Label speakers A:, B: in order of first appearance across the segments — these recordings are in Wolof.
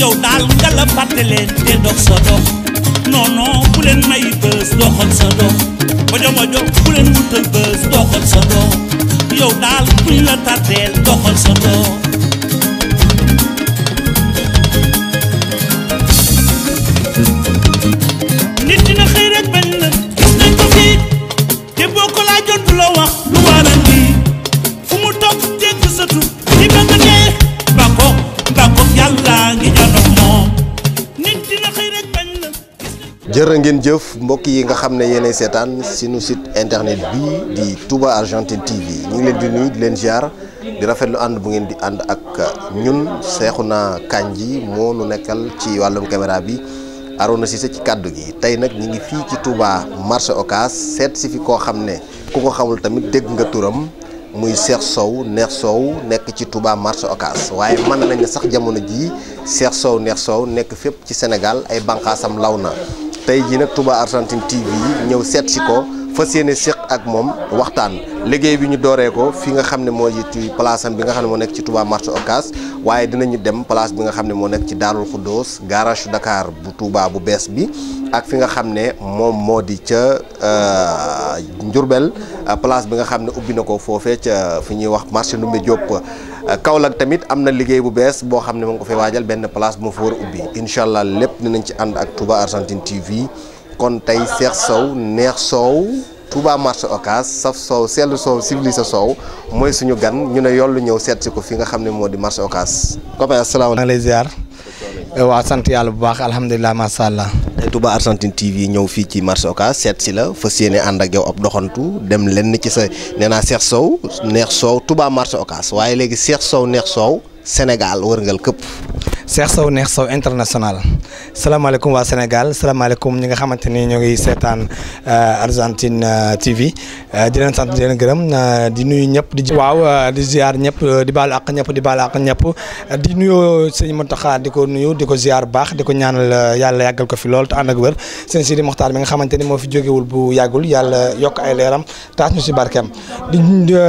A: yow daal nga la fàtte leen te dox sa dox non non bu leen may bës doxal sa dox mojo mojo bu leen wutal bës doxal sa dox yow daal buñ la tàtteel doxal sa dox
B: jërë ngeen jëf mbokk yi nga xam ne yéenay seetaan sunu site internet bii di Touba Argentine TV ñu ngi leen di nuyu di leen ziar di rafetlu ànd bu ngeen di ànd ak ñun Seexuna Kanji moo nu nekkal ci wàllum caméra bi si Cissé ci kàddu gi tey nag ñu ngi fii ci Touba marché Ocass seet si fi koo xam ne ku ko xamul tamit dégg nga turam muy Cheikh Sow Neex soow nekk ci Touba marché Ocass waaye mën nañ sax jamono jii Cheikh Sow Neex Sow nekk fépp ci Sénégal ay bànqaasam law na. tey jii nag Touba Argentine TV ñëw seet si ko fas yéene séq ak moom waxtaan liggéey bi ñu dooree ko fi nga xam ne moo ci place am bi nga xam ne moo nekk ci Touba marché Ocass waaye dinañu dem place bi nga xam ne moo nekk ci Daarul Xuddoos garage Dakar bu Touba bu bees bi ak fi nga xam ne moom moo di ca euh, Njurbel place bi nga xam ne ubbi na ko foofee ca fi ñuy wax nu marché Ndoumbé kaw Kaolack tamit am na liggéey bu bees boo xam ne moo ngi ko fay waajal benn place bu ma fa ubbi incha allah lépp dinañ ci ànd ak Touba Argentine TV kon tey seex soow neex soow Touba marché Ocass saf soow seetlu soow sa soow mooy suñu gan ñu ne yollu ñëw seetsi ko fi nga xam ne moo di marché Ocass.
C: copain asalaamaaleykum. maa ngi lay ziar. Eh, waa sant yàlla bu baax alhamdulilah macha allah. tey Touba Argentine TV
B: ñëw fii ci marché Ocass seet si la fas yéene ànd ak yow ab doxantu dem lenn ci sa nee naa seex soow neex soow Touba marché Ocass waaye léegi seex soow neex soow Sénégal wërngal këpp.
C: Cheikh Sow Nekh Sow international salaamaaleykum waa Sénégal salaamaaleykum ñi nga xamante ni ñoo ngi seetaan euh, Argentine euh, TV euh, di leen sant di gërëm di nuyu ñëpp di. waaw di ziar ñëpp di baal ñëpp di baal ñëpp di nuyoo sëñ Mountakha di ko nuyu di ko ziar baax di ko ñaanal yàlla yàggal ko fi lool te ànd ak wér sëñ Sidi nga xamante ni moo fi jógewul bu yàggul yàlla yokk ay leeram taas ñu si barkeem di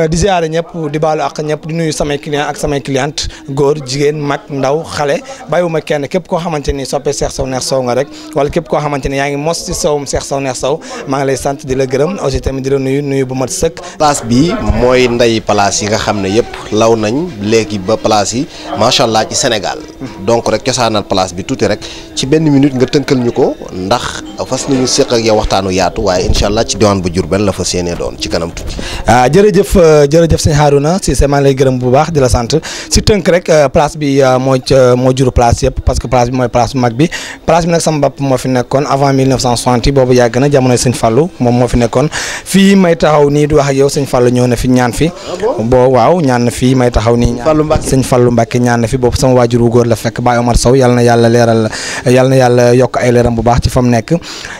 C: di ziar ñëpp di baalu ak ñëpp di nuyu samay client ak samay cliente góor jigéen mag ndaw xale bàyyiwuma kenn képp koo xamante ni soppe Cheikh Sow Nekh Sow nga rek wala képp koo xamante ni yaa ngi mos ci sowum Cheikh Sow Nekh Sow maa ngi lay sant di la gërëm aussi tamit di la nuyu nuyu bu mat sëkk. place bi
B: mooy ndey place yi nga xam ne yëpp law nañ léegi ba place yi macha ci Sénégal mm. donc rek cosaanal place bi tuuti rek ci benn minute nga tënkal ñu ko ndax fas nañu séq ak waxtaanu yaatu waaye incha allah ci diwaan bu Diourbel la fa seenee doon ci kanam tuuti.
C: ah jërëjëf euh, jërëjëf sëñ Harouna si sama lay gërëm bu baax di la sant si tënk rek euh, place bi euh, moo moo jur place yëpp parce que place bi mooy place bu mag bi place bi nag sama bopp moo fi nekkoon avant 1960 boobu yàgg na jamonoy sëñ Fallou moom moo fi nekkoon fii may taxaw nii di wax ak yow sëñ Fallou ñëw na fi ñaan fi. Ah boo waaw ñaan na fii may taxaw nii. Fallou Mbacke sëñ Fallou ñaan na fi boobu sama waajur wu góor la fekk Baye Sow yàlla na yàlla leeral yàlla na yàlla yokk ay leeram bu baax ci fa mu nekk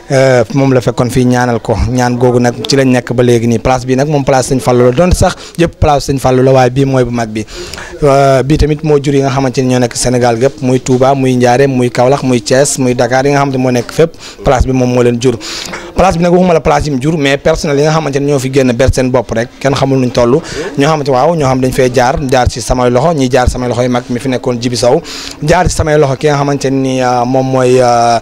C: euh, moom la fekkoon fii ñaanal ko ñaan googu nag ci lañ nekk ba léegi nii place bi nag moom place sëñ Fallou la doon sax yëpp place sëñ Fallou la waaye bii mooy bu mag bi euh, bi tamit moo jur yi nga xamante ni ñoo nekk Sénégal gépp muy Touba muy Njaareem muy Kaolack muy Thiès muy Dakar yi nga xam ne moo nekk fépp place bi moom moo leen jur place bi nag waxuma la place yi mu jur mais personnel yi nga xamante ne ñoo fi génn ber seen bopp rek kenn euh, moom euh,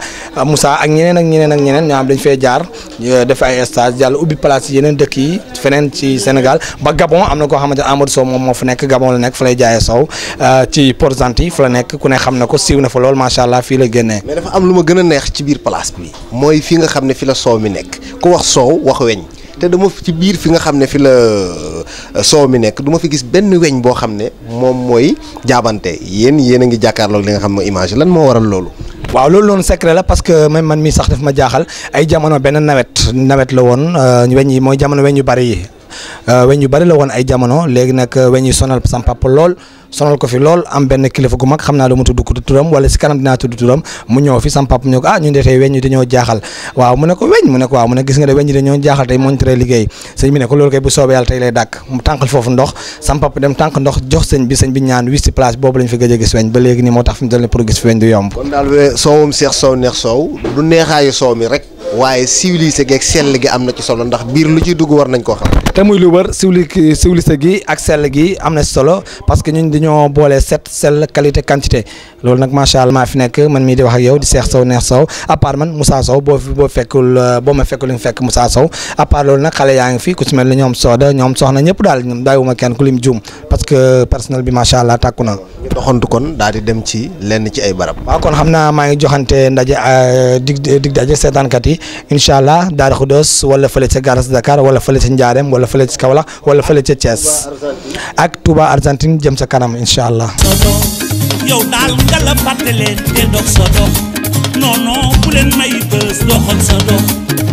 C: ñeneen ak dañ fay jaar euh, def ay stage yàlla dëkk yi feneen ci Sénégal ba Gabon koo xamante ne Amadou Sow moom moo fa nekk Gabon la nekk fa lay jaayee Sow ci Port-Gentil fa la nekk ku ne xam na ko siiw na fa lool macha allah fii la génnee mais dafa am lu a
B: neex mi nekk ku wax soow wax weñ te dama ci biir fi nga xam ne fi la euh, soow mi nekk duma fi gis benn weñ boo xam ne moom mooy jaabante yéen yéen a ngi
C: jàkkaarloog li nga xam ne image lan moo waral loolu. waaw loolu noonu secret la parce que même man mii sax daf ma jaaxal ay jamono benn nawet nawet la woon euh, weñ yi mooy jamono weñ yu bari yi. Euh, weñ yu bari la woon ay jamono léegi nag euh, weñ yu sonal sam papa lool sonal ko fi lool am benn kilifa gu mag xam naa lu mu tudd ko turam wala si kanam dinaa tudd turam mu ñëw fi sam papa ñëw ko ah ñu jaaxal waaw mu ne ko mu ne ko waaw mu ne gis nga de weñ jaaxal tey mooñ tere liggéey sëñ bi ne ko loolu koy bu tey lay dàkk foofu ndox sam papa dem tànq ndox jox sëñ bi sëñ bi ñaan wis si place boobu lañ fi gëj a gis weñ ba léegi nii moo gis fi weñ du yomb
B: kon daal soowum seex soow neex soow du neexaayu soow mi rek waaye civilisé gi ak sell gi am na ci solo ndax biir lu ciy dugg war nañ koo xam.
C: te muy
D: lu war civilis
C: civilisé gi ak sell gi am na solo parce que ñun dañoo boole set sell qualité quantité loolu nag macha allah maa fi nekk man mii di wax ak yow di Cheikh Sow Neex Sow à part man Moussa Sow boo boo fekkul boo ma fekkul nga fekk Moussa Sow à part loolu nag xale yaa ngi fii ku ci mel ni ñoom Soda ñoom soxna ñëpp daal ñoom daawuma kenn ku lim juum parce que personnel bi macha allah tàkku na. ñu doxantu kon daal di dem ci lenn ci ay barab. waaw kon xam naa maa ngi joxante ndaje euh, dig euh, dig daje seetaankat yi incha allah Darou Khoudoss wala fële ca garas Dakar wala fële ca Ndiarème wala fële ca Kaolack wala fële ca Thiès ak Touba Argentine jëm sa kanam incha allah.
A: yow daal nga la fàtte leen te dox sa dox non bu leen may bës doxal sa dox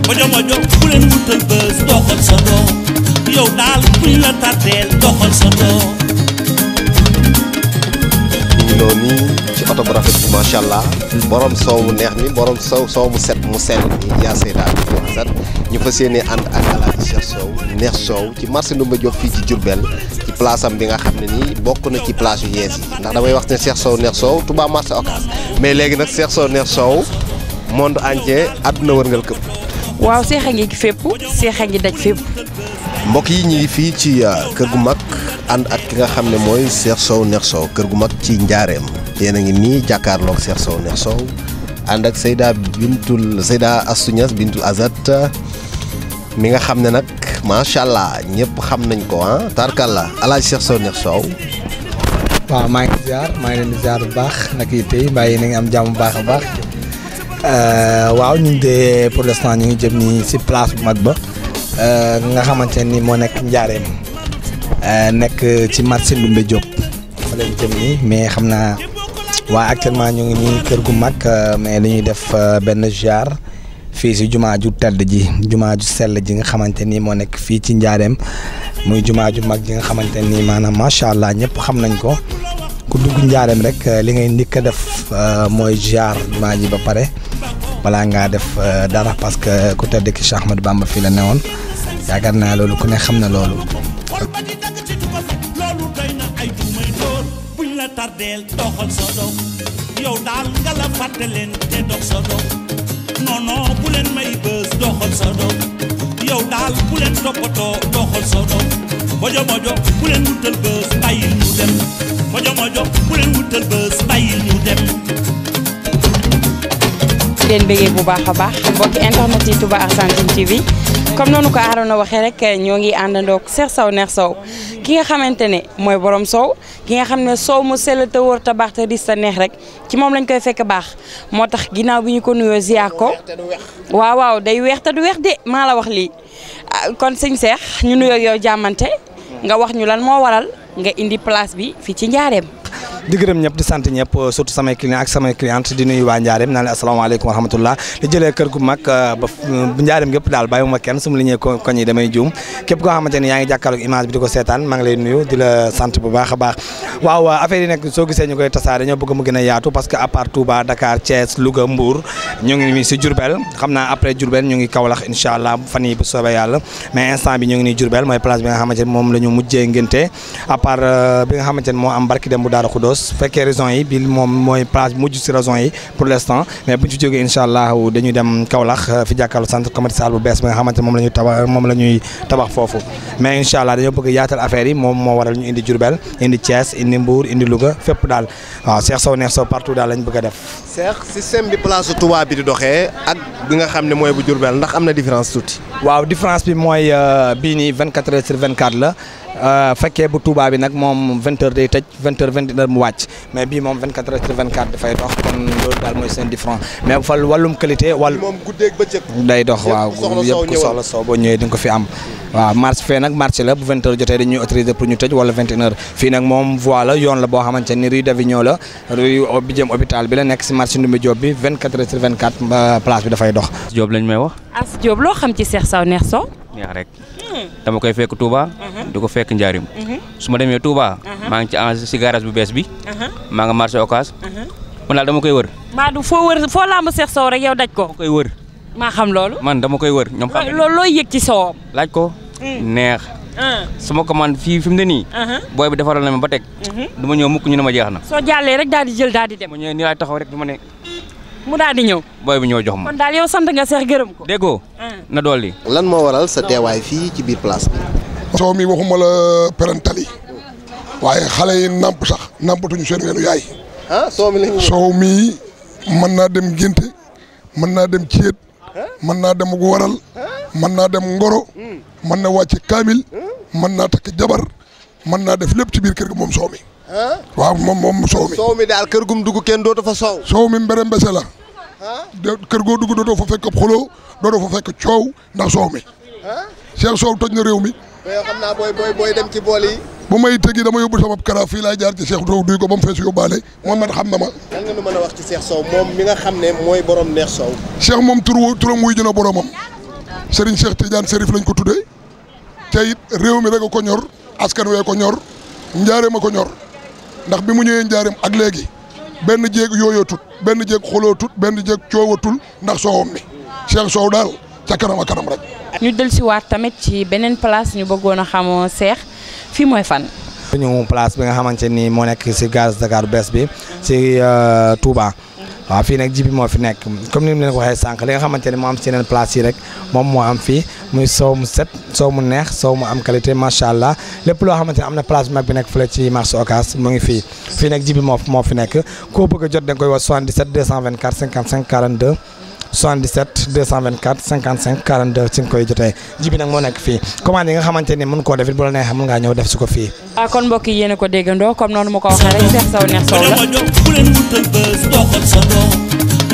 A: mojo mojo bu leen wutal bës doxal sa dox yow daal buñ la tàtteel doxal sa dox.
B: ngi noonu ci oto bu rafet macha allah borom soow mu neex mi borom soow soow mu set mu sell mi yaa say daal sat ñu fas yéene ànd ak alaaji neex Sow ci marché Ndoumbé Diop fii ci Diourbel ci place bi nga xam ne nii bokk na ci place yu yees yi ndax damay wax ne Cheikh Sow neex Sow Touba marché Ocass mais léegi nag seex Sow neex Sow monde entier àdduna wërngal këpp.
E: waaw seex a ngi fépp seex ngi daj fépp.
B: mbokk yi ñu fii ci euh, kër gu mag. ànd ak ki nga xam ne mooy Cheikh Sow Nekh Sow kër gu mag ci njaareem yéen a ngi nii jàkkaarloog Cheikh Sow Nekh Sow ànd ak Seyda Bintul Seyda Astou Niass Bintul Azat mi nga xam ne nag macha allah ñëpp xam nañ ko ah tarkalla alaaj Cheikh Sow Nekh Sow.
C: waaw maa ngi ziar maa ngi leen di ziar bu baax nag yi tey bàyyi na nga am jàmm baax a baax euh, waaw ñu de pour l'instant ñu ngi jëm nii si place bu mag ba euh, nga xamante ni moo nekk njaareem. Euh, nekk ci marché Ndoumbé Diop fa lañ jëm nii mais xam naa waa actuellement ñu ngi nii kër gu mag euh, mais dañuy def euh, benn ziar fii si jumaa ju tedd ji jumaa ju sell ji nga xamante ni moo nekk fii ci njaareem muy jumaa ju mag ji nga xamante ni maanaam macha allah ñëpp xam nañ ko ku dugg njaareem rek li ngay njëkk a def mooy ziar jumaa ji ba pare balaa ngaa def dara parce que ku tedd ki Cheikh Ahmadou Bamba fii la newoon yaakaar naa loolu ku ne xam na loolu.
A: xol ba di dagg ci tuba fa loolu doy na ay dumay dóor buñ la tardeel doxal sa dox yow daal nga la fàtte leen te dox sa dox non bu leen may bës doxal sa dox yow daal bu leen toppatoo doxal sa dox mojo mojo bu leen wutal bës bàyyil ñu dem mojo mojo bu leen wutal bës bàyyil ñu dem
E: leen bëggee bu baax a baax mbokki internet yi Touba Argentine TV comme noonu ko Arona waxee rek ñoo ngi àndandoo Cheikh saw Nekh Sow ki nga xamante ne mooy borom sow ki nga xam ne sow mu sell te wër te baax te dis te neex rek ci moom lañ koy fekk baax moo tax ginnaaw bi ñu ko nuyoo ziar ko waaw waaw day weex te du weex de maa la wax lii ah, kon sëñ Cheikh ñu nuyoo yow jàmmante nga wax ñu lan moo waral nga indi place bi fii ci Njaareem.
C: di gërëm ñëpp di sant ñëpp surtout samay client ak samay cliente di nuyu waa Njaareem naan leen asalaamaaleykum wa rahmatullah di jëlee kër gu mag euh, ba euh, Njaareem daal bàyyiwuma kenn a baax waaw euh, affaire yi ñu koy tasaare ñoo bëgg mu gën a yaatu parce que à part Touba Dakar Thiès Louga Mbour ngi nii si Diourbel xam naa après Diourbel ñu ngi Kaolack incha allah fan yi bu soobee yàlla mais instant bi ñu ngi nii Diourbel mooy place bi nga xamante ne moom la ñu Mermoz su fekkee raison yi bi moom mooy place mujj si raison yi pour l' instant mais bu ñu ci jógee incha dem Kaolack euh, fi jàkkaarloo centre commercial bu bees bi nga xamante moom la ñuy tabax moom la ñuy tabax foofu mais incha allah dañoo bëgg yaatal affaire yi moom moo waral ñu indi Diourbel indi Thiès indi Mbour indi Louga fépp daal waaw Cheikh Sow Neex Sow partout daal lañ bëgg def. Cheikh système
B: bi place Touba bi di doxee ak bi nga xam ne mooy bu Diourbel
C: ndax am na différence tuuti. waaw différence bi mooy euh, bii nii 24 heures sur 24 la. Euh, fekkee bu Touba bi nag moom 20h day tëj 20h 21 mu wàcc mais bi moom 24h sur 24 dafay mooy seen différence mais bu fa wàllum qualité wàll. moom guddeeg bëccëg. day dox waaw yëpp ku soxla soo boo ñëwee di ko fi am. waaw marché fee nag marché la bu 20h jotee dañuy autorisé pour ñu tëj wala 21h fii nag moom voie la yoon la boo xamante ni rue d'Avignon la rue bi jëm hôpital bi la nekk si marché Ndoumbé Diop bi 24h sur 24 place bi dafay dox. Diop lañ may wax.
E: As Diop loo xam ci Cheikh Saw neex soo.
C: neex rek. dama koy fekk Touba. Uh-huh. di ko fekk
E: Njaarim. Uh-huh. su ma demee Touba. Uh-huh. maa ngi ci en si garage bu bees bi. maa nga marché Ocass. man daal dama koy wër. Madou foo wër foo làmb Seex Sow rek yow daj ko. dama koy wër. maa xam loolu. man dama koy wër ñoom. xam loolu looy yëg ci sowam. laaj ko. Mm. neex. Uh. ko commande fii fi mu ne nii. booy bi defaral na ma ba teg. du ma ñëw mukk ñu ne ma jeex na. soo mu daal di ñëw. booy bu ñëw jox ma kon daal yow sant nga seex gërëm ko.
B: déggoo ah. na dolli. lan moo waral sa teewaay fii ci biir place bi.
D: mi waxuma la parentali waaye xale yi namp sax nampatuñu seen weenu yaay. ah soo mi lañu soo mi mën naa dem génte mën naa dem céet ah. mën naa dem gu waral ah. mën naa dem ngoro hmm. mën na wàcce kaamil hmm. mën naa takk jabar mën naa def lépp ci biir kër gi moom soo mi waaw moom moom soow mi soow daal kër gum dugg kenn dootu fa soow soow mi mbere mbese la kër goo dugg dootoo fa fekk ab xuloo dootoo fa fekk coow ndax soow mi Cheikh Sow toj na réew mi yoo xam naa booy booy booy dem ci bool bu may tëgi dama yóbbu sama kara fii laay jaar ci Cheikh Sow duy ko ba mu fees man xam na ma lan
B: nga nu mën a wax ci Cheikh Sow moom mi nga xam ne mooy borom neex Sow
D: Cheikh moom turu turam wuy jëna boromam Serigne Cheikh Tidiane Serif lañ ko tuddee te it réew mi rek a ko ñor askan wee ko ñor njaaree ma ko ñor ndax bi mu ñëwee njaareem ak léegi benn jéeg yooyootul benn jéeg xolootul benn jéeg coowatul ndax soowam mi Cheikh Sow daal ca kanam a kanam rek.
E: ñu dellusiwaat tamit ci beneen place ñu bëggoon a xamoo Cheikh fi mooy fan.
C: ñu place bi nga xamante nii moo nekk si gaz Dakar bees bi si euh, Touba. waaw fii nag jibi moo fi nekk comme ni mu leen ko waxee sànq li nga xamante ne moo am si yeneen place yi rek moom moo am fii muy sow mu set sow mu neex sow mu am qualité macha allah lépp loo xamante ne am na place bu bi nekk fële ci marché Ocass mu ngi fi fii nag jibi moo moo fi nekk koo bëgg a jot da nga koy wax 77 224 55 42 77 224 55 42 ci nga koy jotee ji bi nag moo nekk fii commande yi nga xamante ni mën koo def it bu la neexee mën ngaa ñëw def
A: si ko fii.
E: waaw ah, kon mbokk yi yéen a ko déggandoo comme noonu ma ko waxee rek Cheikh Sow neex
A: Sow la.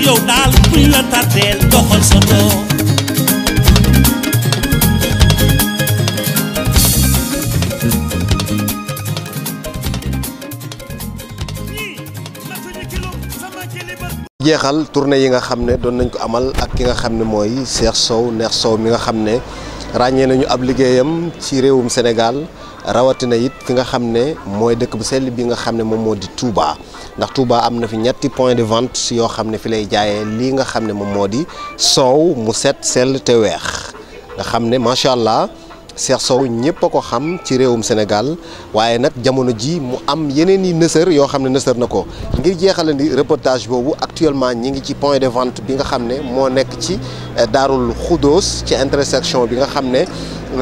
A: yow daal buñ la tàddeel doxal sa doom
B: jeexal tournée yi nga xam ne doon nañ ko amal ak ki nga xam ne mooy Cheikh Sow Neex Sow mi nga xam ne ràññee nañu ab liggéeyam ci réewum Sénégal rawatina it ki nga xam ne mooy dëkk bu sell bi nga xam ne moom moo di Touba ndax Touba am na fi ñetti point de vente yoo xam ne fi lay jaayee lii nga xam ne moom moo di soow mu set sell te weex nga xam ne macha allah. Cheikh Sow ñëpp a ko xam ci réewum Sénégal waaye nag jamono ji mu am yeneen i nësër yoo xam ne nësër na ko ngir jeexalandi reportage boobu actuellement ñi ngi ci point de vente bi nga xam ne moo nekk ci eh, Daarul Xudoos ci intersection bi nga xam ne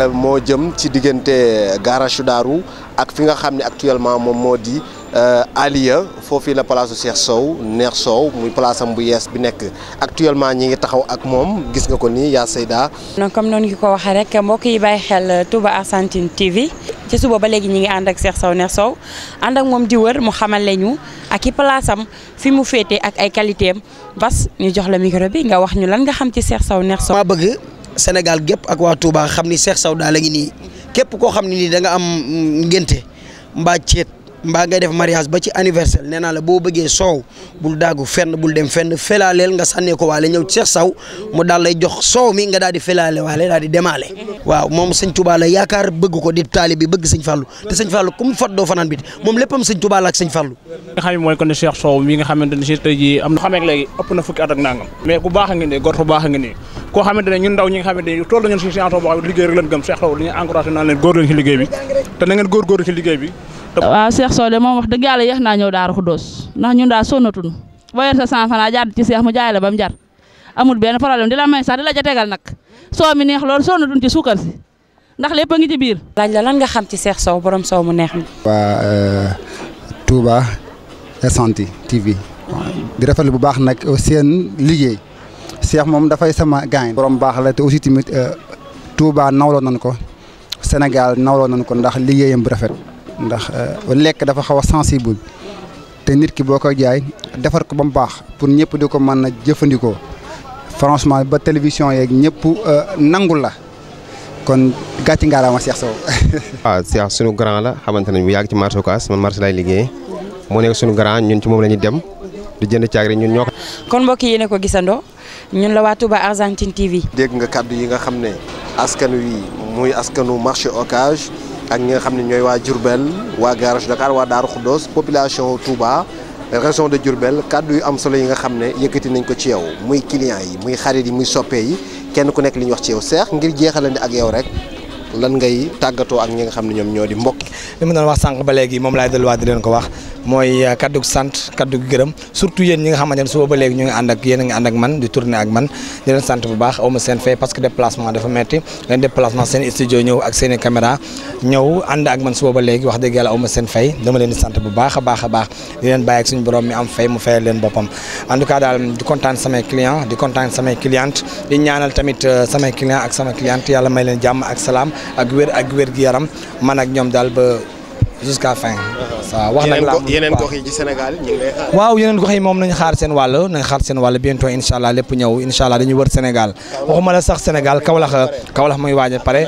B: eh, moo jëm ci diggante garage Daaru ak fi nga xam ne actuellement moom moo di Euh, Aliya foofii la place su Sow neex Sow muy place bu yees bi nekk actuellement ñi ngi taxaw ak moom gis nga ko nii yaa
E: Seyda. non comme noonu ngi ko waxee rek mbokk yi bàyyi xel euh, Touba Argentine TV ci suba ba léegi ñi ngi ànd ak Cheikh Sow neex Sow ànd ak moom di wër mu xamal lañu ak i place fi mu féete ak ay qualité am bas ñu jox la micro bi nga wax ñu lan nga xam ci Cheikh Sow neex Sow. maa bëgg
C: Sénégal gépp ak waa Touba xam ni Cheikh Sow daal la nii képp koo xam ne nii da am mm, ngénte mbaa ceet. mbaa ngay def mariage ba ci anniversaire nee naa la boo bëggee soow bul daagu fenn bul dem fenn felaaleel nga sànnee ko waale ñëw Cheikh Saw jox soow mi nga daal di felaale waale daal di demaale moom sëñ Touba la yaakaar bëgg ko di taali bi bëgg sëñ Fallu te sëñ Fallu ku mu fat doo fanaan bit xam ne ne si tey am na xamee léegi ëpp na fukki at ak nangam mais ku baax a ngi ne gor fu baax a ngi ne koo xamante ne
D: ndaw ñi nga xamante ne tool nañu si science boo xam liggéey rek lañ gëm Cheikh Sow dañuy encouragé naan leen góor leen si liggéey bi te na ngeen góor góor si liggéey bi
E: waaw Cheikh Sode moom wax dëgg yàlla yéex naa ñëw Daaru Xuddoos ndax ñun daal sonnatul boo yor sa cent francs jaar ci Cheikh mu jaay la ba mu jar amul benn problème di la may sax di la ca tegal nag soo mi neex loolu sonnatul ci suukar si ndax lépp a ngi ci biir. laaj la lan nga xam ci seex Sow borom Sow mu neex mi.
B: waa euh, Touba Argentine TV. di rafetlu bu baax nag seen liggéey. Cheikh moom dafay sama gaañ. borom baax la te aussi tamit euh, Touba nawloo nañ ko Sénégal nawloo nañ ko ndax liggéeyam bu rafet. ndax euh, lekk dafa xaw a sensible te nit ki boo koy jaay defar ko ba mu baax pour ñëpp di ko mën a jëfandikoo franchement ba télévision yeeg ñëpp euh, nangul la kon gàcci ngaalaama Cheikh Sow. waaw ah, Cheikh sunu grand la xamante nañ bu yàgg ci marché Ocass man marché lay liggéey moo nekk sunu grand ñun ci moom la ñuy dem di jënd caagri ñun ñoo
E: kon mbokk yi yéen ko gisandoo ñun la waa Touba Argentine TV. dégg nga
B: kàddu yi nga xam ne askan wi muy askanu marché Ocass. ak ñi nga xam ne ñooy waa Diourbel waa garage Dakar waa Daaru Khoudoss population Touba région de Diourbel kàddu yu am solo yi nga xam ne yëkkati nañ ko ci yow muy client yi muy xarit yi muy soppee yi kenn ku nekk li ñu wax ci yow seex ngir jeexalandi ak yow rek lan ngay tàggatoo ak ñi nga xam
C: ne ñoom ñoo di mbokk li mu doon wax sànq ba léegi moom laay delluwaat di leen ko wax mooy euh, kaddu sant kaddu gërëm surtout yéen ñi nga xamante ne suba ba léegi ñu ngi ànd ak yéen a ngi ànd ak man di tourner ak man di leen sant bu baax awma seen fay parce que déplacement dafa metti leen déplacement seen studio ba léegi wax dëgg yàlla awma seen fay dama leen di sant bu baax a baax a baax di leen bàyyi ak suñu borom mi am fay mu fayal leen boppam en tout cas daal di kontaan samay client di kontaan samay cliente di ñaanal tamit euh, samay client ak sama cliente yàlla may leen jàmm ak salaam ak wér ak wér gi yaram man ak ñoom daal ba jusqu'à fin. waaw wax nag la yeneen gox
B: yi Sénégal
C: waaw yeneen gox yi moom nañ xaar seen wàll nañ xaar seen wàll bientôt incha allah lépp ñëw incha allah dañuy wër Sénégal waxuma la sax Sénégal Kaolack Kaolack muy waaj a pare.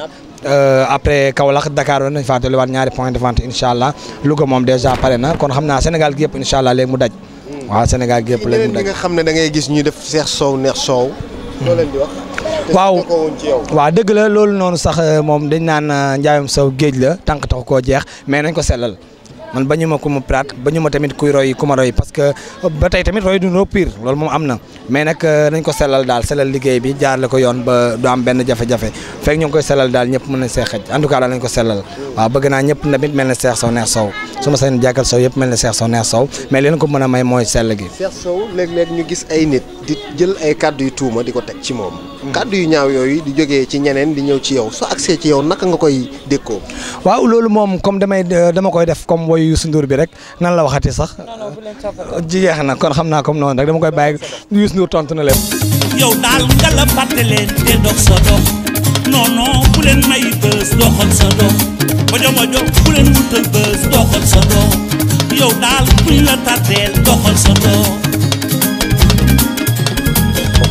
C: Euh, après Kaolack Dakar war nañ faa dolliwaat ñaari point de vente incha allah Louga moom dèjà pare na kon xam naa Sénégal gi yëpp incha allah mu daj. Hmm. waaw Sénégal gi yëpp léegi mu daj. nga
B: xam ne da ngay gis ñuy def seex soow neex soow. waaw
C: waaw dëgg la loolu noonu sax euh, moom dañ naan euh, njaayum saw géej la tànk tax koo jeex mais nañ ko sellal man bañu ma ku ma praat bañu ma tamit kuy roy ku ma roy parce que euh, ba tey tamit roy du no loolu moom am na mais nag nañ ko sellal daal sellal liggéey bi jaarle ko yoon ba du am benn jafe-jafe fekk ñu ngi koy sellal daal ñëpp mën nañ see en tout cas daal nañ ko sellal mm. bëgg naa ñëpp tamit mel na seex saw neex saw su ma seen jàkkal sow yëpp mel ne Cheikh Sow neex sow mais leen ko mën a may mooy sell gi.
B: Cheikh Sow léeg-léeg ñu gis ay nit di jël ay kàddu yu tuuma di ko teg ci moom. Mm. kàddu yu ñaaw yooyu di jógee ci ñeneen di ñëw ci yow soo agsee ci yow naka nga koy ko
C: waaw loolu moom comme damay euh, dama koy def comme woyu Youssou Ndour bi rek nan la waxati sax. Euh, jeex na kon xam naa comme noonu rek dama koy bàyyi Youssou Ndour tontu na leen.
A: yow daal nga la fàtte nga daal bu ñu la tàtteel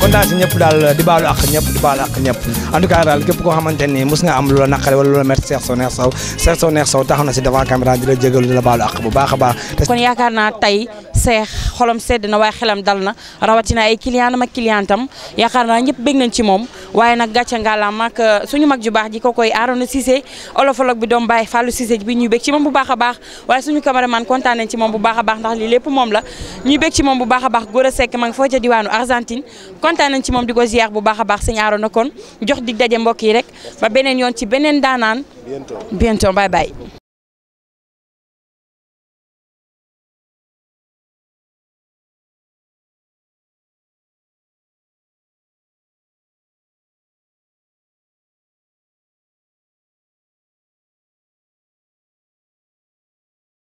A: kon daal si ñëpp daal di baalu ak ñëpp di baalu ak
C: ñëpp en tout daal képp koo xamante ni mos nga am lu la naqare wala lu la métti Cheikh Sow Nekh Sow Cheikh Sow Nekh Sow na si devant caméra di la jégalu di la baalu ak bu baax a baax.
E: kon yaakaar naa tey Cheikh xolam sedd na waaye xelam dal na rawatina ay client am ak clientam yaakaar naa ñëpp bég nañ ci moom. waaye nag gàcce ngàllaam ak euh, suñu mag ju baax ji ko koy Arona Cissé olofologue bi doom Baye Fallou Cissé bi ñuy bég ci moom bu baax a baax waaye suñu caméraman kontaan nañ ci moom bu baax a baax ndax lii lépp moom la ñuy bég ci moom bu baax a baax Gora Seck ma nga foo ca diwaanu Argentine kontaan nañ ci moom di ko ziar bu baax a baax sëñ Arona kon
C: jox dig daje mbokk yi rek ba beneen yoon ci beneen daanaan bientôt bye bye